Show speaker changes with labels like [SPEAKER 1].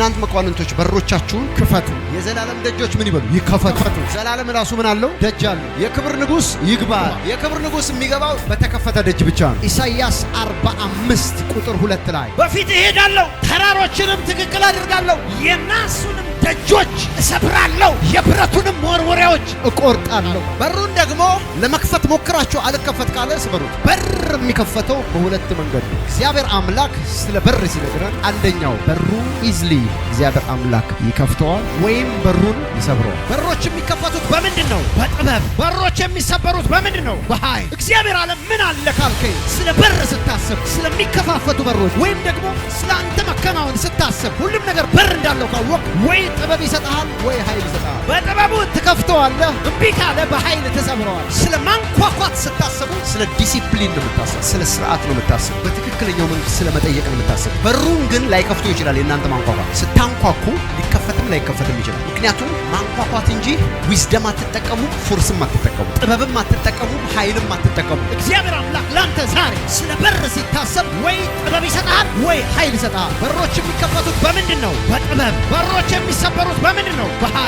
[SPEAKER 1] እናንት መኳንንቶች በሮቻችሁን ክፈቱ፣ የዘላለም ደጆች ምን ይበሉ ይከፈቱ። ዘላለም ራሱ ምን አለው ደጅ አለው። የክብር ንጉሥ ይግባል። የክብር ንጉሥ የሚገባው በተከፈተ ደጅ ብቻ ነው። ኢሳይያስ 45 ቁጥር ሁለት ላይ በፊት እሄዳለሁ፣ ተራሮችንም ትክክል አድርጋለሁ፣ የናሱንም ደጆች እሰብራለሁ፣ የብረቱንም መወርወሪያ ሰዎች እቆርጣለሁ። በሩን ደግሞ ለመክፈት ሞክራችሁ አልከፈት ካለ ስበሩት። በር የሚከፈተው በሁለት መንገድ ነው። እግዚአብሔር አምላክ ስለ በር ሲነግረን፣ አንደኛው በሩ ኢዝሊ እግዚአብሔር አምላክ ይከፍተዋል ወይም በሩን ይሰብረዋል። በሮች የሚከፈቱት በምንድን ነው? በጥበብ። በሮች የሚሰበሩት በምንድን ነው? በኃይል። እግዚአብሔር አለ ምን አለ ካልከኝ፣ ስለ በር ስታስብ፣ ስለሚከፋፈቱ በሮች ወይም ደግሞ ስለ አንተ መከናወን ስታስብ፣ ሁሉም ነገር በር እንዳለው ካወቅ ወይ ጥበብ ይሰጠሃል ወይ ኃይል ይሰጠሃል። በጥበቡ ትከፍተዋለህ። እምቢ ካለ በኃይል ተሰብረዋል። ስለ ማንኳኳት ስታስቡ ስለ ዲሲፕሊን ነው የምታስቡ፣ ስለ ስርዓት ነው የምታስቡ፣ በትክክለኛው መንገድ ስለ መጠየቅ ነው የምታስቡ። በሩን ግን ላይከፍቶ ይችላል። የእናንተ ማንኳኳት ስታንኳኩ ሊከፈትም ላይከፈትም ይችላል። ምክንያቱም ማንኳኳት እንጂ ዊዝደም አትጠቀሙ፣ ፎርስም አትጠቀሙ፣ ጥበብም አትጠቀሙ፣ ኃይልም አትጠቀሙ። እግዚአብሔር አምላክ ለአንተ ዛሬ ስለ በር ሲታሰብ ወይ ጥበብ ይሰጣል? ወይ ኃይል ይሰጣል በሮች የሚከፈቱት በምንድን ነው? በጥበብ። በሮች የሚሰበሩት በምንድን ነው? በኃይል